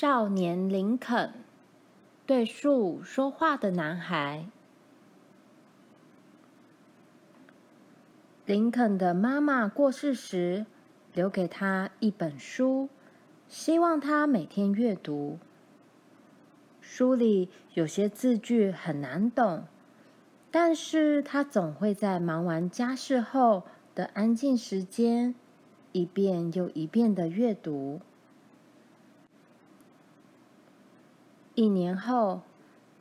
少年林肯，對樹說話的男孩。林肯的媽媽過世時，留給他一本書，希望他每天閱讀。書裡有些字句很難懂，但是他總會在忙完家事後的安靜時間，一遍又一遍的閱讀。一年後，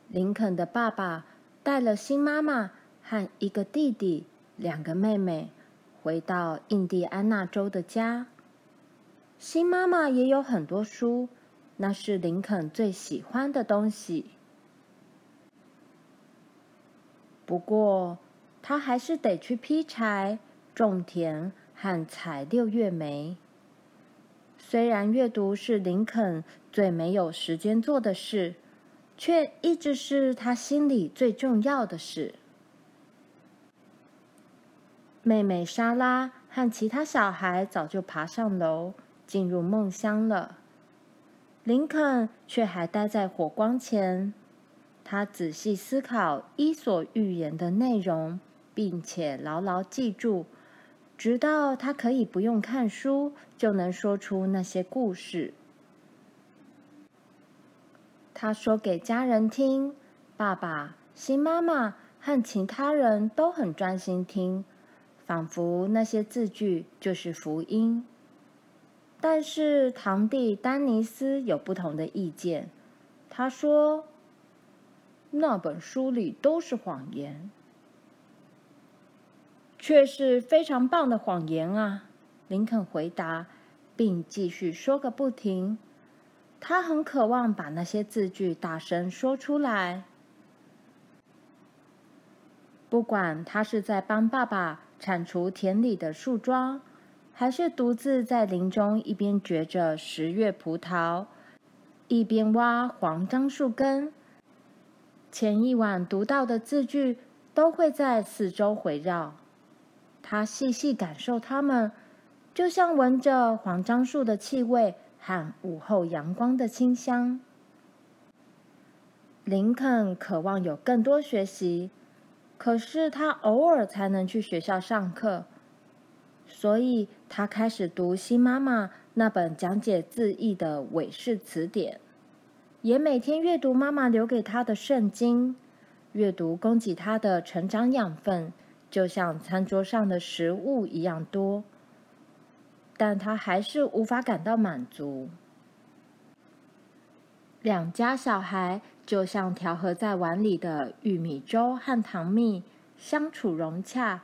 林肯的爸爸帶了新媽媽和一個弟弟、兩個妹妹回到印第安納州的家。新媽媽也有很多書，那是林肯最喜歡的東西。不過，他還是得去劈柴、種田和採六月梅。雖然閱讀是林肯最沒有時間做的事，卻一直是他心裡最重要的事。妹妹莎拉和其他小孩早就爬上樓進入夢鄉了，林肯卻還待在火光前。他仔細思考《伊索寓言》的內容，並且牢牢記住。直到他可以不用看書就能說出那些故事，他說給家人聽，爸爸、新媽媽和其他人都很專心聽，仿佛那些字句就是福音。但是堂弟丹尼斯有不同的意見，他說：“那本書裡都是謊言。”卻是非常棒的謊言啊！林肯回答，並繼續說個不停。他很渴望把那些字句大聲說出來，不管他是在幫爸爸鏟除田裡的樹樁，還是獨自在林中一邊嚼着十月葡萄，一邊挖黃樟樹根，前一晚讀到的字句都會在四周圍繞。他細細感受它們，就像聞着黃樟樹的氣味和午後陽光的清香。林肯渴望有更多學習，可是他偶爾才能去學校上課，所以他開始讀新媽媽那本講解字義的韋氏詞典，也每天閱讀媽媽留給他的聖經，閱讀供給他的成長養分。就像餐桌上的食物一樣多，但他還是無法感到滿足。兩家小孩就像調和在碗裡的玉米粥和糖蜜，相處融洽。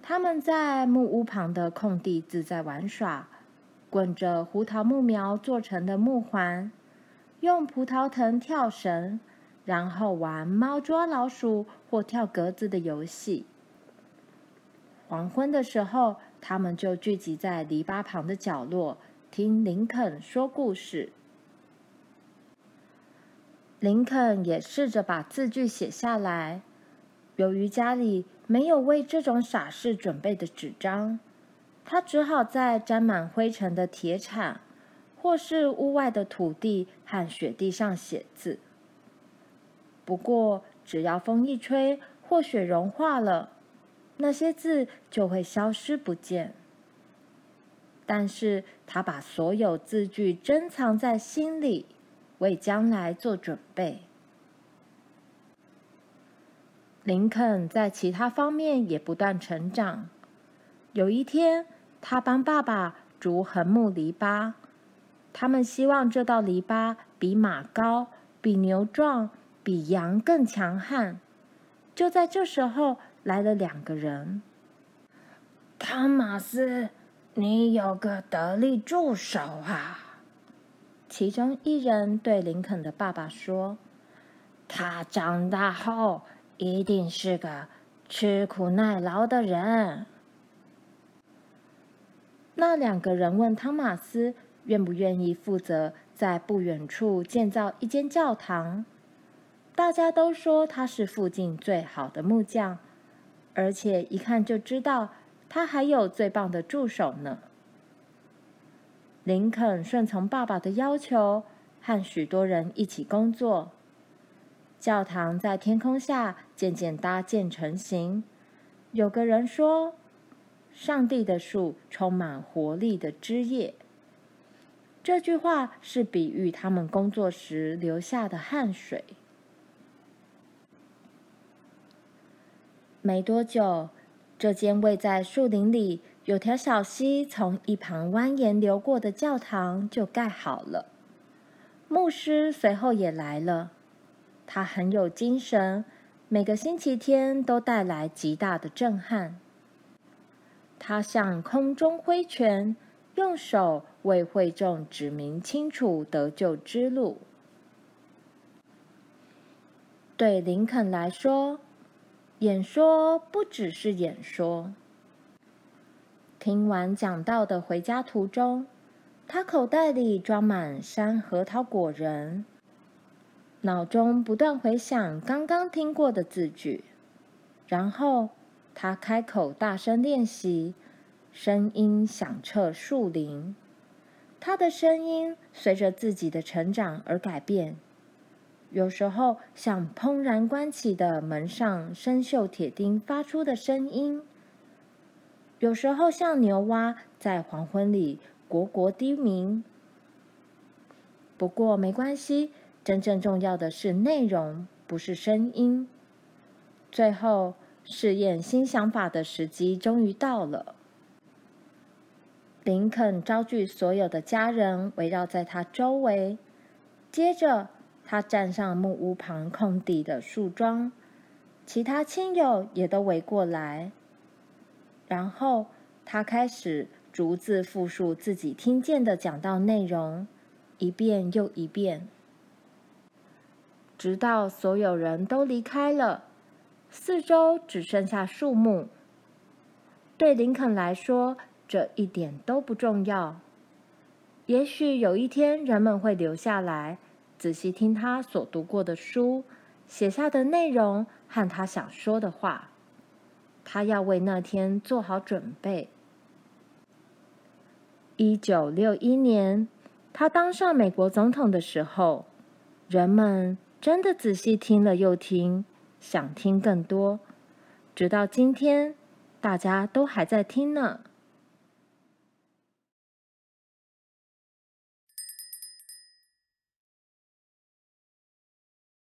他們在木屋旁的空地自在玩耍，滾着胡桃木苗做成的木環，用葡萄藤跳繩，然後玩貓抓老鼠或跳格子的遊戲。黃昏的時候，他們就聚集在籬笆旁的角落，聽林肯說故事。林肯也試着把字句寫下來，由於家裡沒有為這種傻事準備的紙張，他只好在沾滿灰塵的鐵鏟，或是屋外的土地和雪地上寫字。不過，只要風一吹，或雪融化了，那些字就會消失不見，但是他把所有字句珍藏在心裡，為將來做準備。林肯在其他方面也不斷成長。有一天，他幫爸爸築橫木籬笆，他們希望這道籬笆比馬高，比牛壯，比羊更強悍。就在這時候。來了兩個人，湯馬斯，你有個得力助手啊！其中一人對林肯的爸爸說：“他長大後一定是個吃苦耐勞的人。”那兩個人問湯馬斯願不願意負責在不遠處建造一間教堂。大家都說他是附近最好的木匠。而且一看就知道，他還有最棒的助手呢。林肯順從爸爸的要求，和許多人一起工作。教堂在天空下漸漸搭建成型。有個人說：“上帝的樹充滿活力的枝葉。”這句話是比喻他們工作時流下的汗水。沒多久，這間位在樹林裡、有條小溪從一旁蜿蜒流過的教堂就蓋好了。牧師隨後也來了，他很有精神，每個星期天都帶來極大的震撼。他向空中揮拳，用手為會眾指明清楚得救之路。對林肯來說，演說不只是演說。聽完講道的回家途中，他口袋裡裝滿山核桃果仁，腦中不斷回想剛剛聽過的字句，然後他開口大聲練習，聲音響徹樹林。他的聲音隨着自己的成長而改變。有時候像砰然關起的門上生鏽鐵釘發出的聲音，有時候像牛蛙在黃昏裡呱呱低鳴。不過沒關係，真正重要的是內容，不是聲音。最後，試驗新想法的時機終於到了。林肯招聚所有的家人圍繞在他周圍，接着，他站上木屋旁空地的樹樁，其他親友也都圍過來。然後他開始逐字複述自己聽見的講道內容，一遍又一遍，直到所有人都離開了，四周只剩下樹木。對林肯來說，這一點都不重要。也許有一天，人們會留下來。仔細聽他所讀過的書、寫下的內容和他想說的話，他要為那天做好準備。一九六一年，他當上美國總統的時候，人們真的仔細聽了又聽，想聽更多，直到今天，大家都還在聽呢。